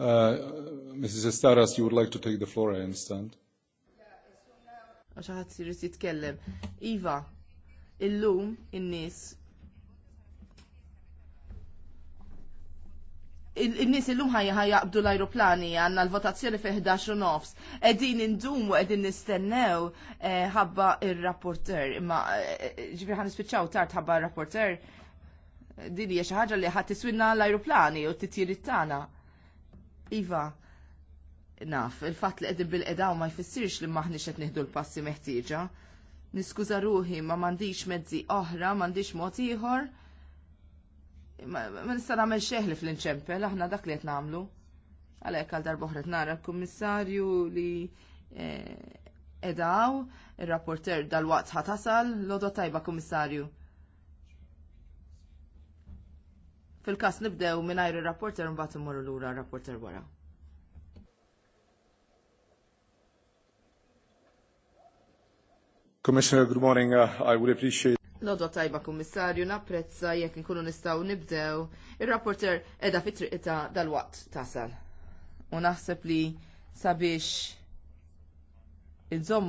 Uh, Mrs. Estaras, you would like to take the floor, I understand. Għaxaħat sirrit jitkellem. Iva, illum in-nis il-nis illum ħajja ħajjaqbdu l-ajruplani għanna l-votazzjoni fi 11 nofs. Eddin indum u eddin nistennew eh, ħabba il-rapporter. Ma eh, eh, ġifri ħan ispiċċaw tard ħabba il-rapporter. Dini hija xi ħaġa li ħadd l-ajruplani u t tirittana tagħna. Iva, naf, il fatt li qegħdin bil-edaw ma jfissirx li maħniex qed nieħdu l-passi meħtieġa. Niskuża ruħi ma m'għandix mezzi oħra, m'għandix mod ieħor. Ma nista' nagħmel xeħli fl-inċempel, aħna dak li qed nagħmlu. Għalhekk għal darba nara l-kummissarju li e, edaw, ir rapporter dal-waqt ħatasal, l-odo tajba kummissarju. Fil-kas nibdew mingħajr ir-rapporter mbagħad immorru lura r-rapporter wara. Commissioner, good morning. Uh, I would appreciate Lodwa tajba kummissarju napprezza jekk inkunu nistgħu nibdew. Ir-rapporter edha fit-triqita dal-waqt tasal. U naħseb li sabiex inżommu